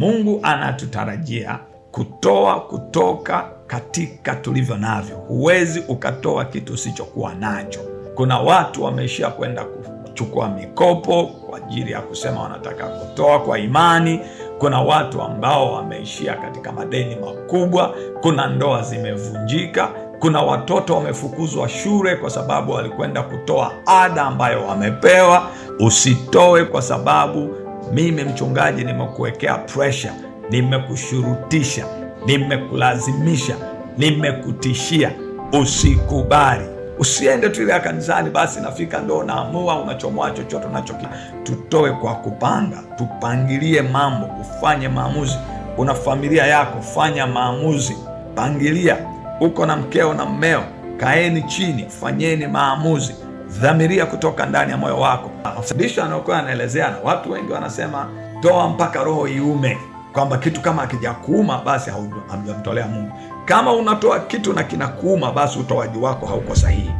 Mungu anatutarajia kutoa kutoka katika tulivyo navyo. Huwezi ukatoa kitu usichokuwa nacho. Kuna watu wameishia kwenda kuchukua mikopo kwa ajili ya kusema wanataka kutoa kwa imani. Kuna watu ambao wameishia katika madeni makubwa. Kuna ndoa zimevunjika. Kuna watoto wamefukuzwa shule kwa sababu walikwenda kutoa ada ambayo wamepewa. Usitoe kwa sababu mimi mchungaji nimekuwekea presha, nimekushurutisha, nimekulazimisha, nimekutishia. Usikubali, usiende tu ile kanisani, basi nafika ndo unaamua unachomoa chochote unachoki. Tutoe kwa kupanga, tupangilie mambo, ufanye maamuzi. Una familia yako, fanya maamuzi, pangilia. Uko na mkeo na mmeo, kaeni chini, fanyeni maamuzi dhamiria kutoka ndani ya moyo wako. Mafundisho anayokuwa anaelezea, na watu wengi wanasema toa mpaka roho iume, kwamba kitu kama akijakuuma basi hamjamtolea Mungu. Kama unatoa kitu na kinakuuma, basi utoaji wako hauko sahihi.